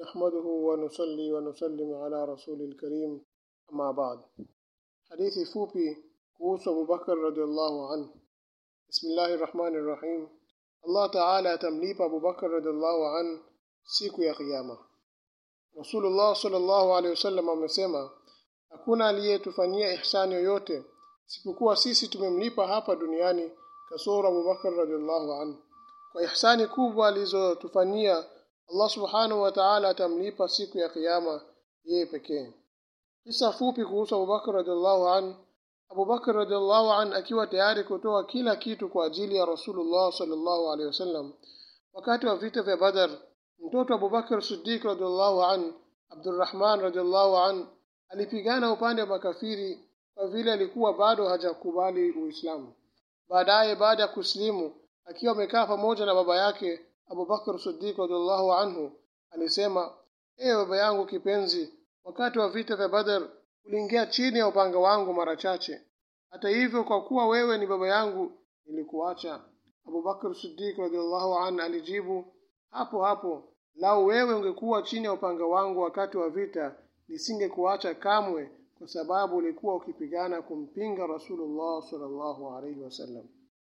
نحمده ونصلي ونسلم ala rasulil karim amma ba'd. Hadithi fupi kuhusu Abubakar radhiallahu anhu. Bismillahir Rahmanir Rahim. Allah Ta'ala atamlipa Abubakar radhiallahu anhu siku ya kiyama. Rasulullah sallallahu alaihi wasallam amesema hakuna aliyetufanyia ihsani yoyote sipokuwa sisi tumemlipa hapa duniani kasoro Abubakar radhiallahu anhu kwa ihsani kubwa alizotufanyia Allah subhanahu wa ta'ala atamlipa siku ya kiyama yeye pekee kisa fupi kuhusu Abubakar radhiallahu an Abubakar radhiallahu an akiwa tayari kutoa kila kitu kwa ajili ya Rasulullah sallallahu alaihi wasallam wakati wa vita vya Badar mtoto Abubakar Siddiq radhiallahu an Abdurrahman radhiallahu an alipigana upande wa makafiri kwa vile alikuwa bado hajakubali Uislamu baadaye baada ya kusilimu akiwa amekaa pamoja na baba yake Abu Bakr Siddiq radhiallahu anhu alisema ewe baba yangu kipenzi wakati wa vita vya Badr uliingia chini ya upanga wangu mara chache hata hivyo kwa kuwa wewe ni baba yangu nilikuacha Abu Bakr Siddiq radhiallahu anhu alijibu hapo hapo lau wewe ungekuwa chini ya upanga wangu wakati wa vita nisingekuacha kamwe kwa sababu ulikuwa ukipigana kumpinga Rasulullah sallallahu alaihi wasallam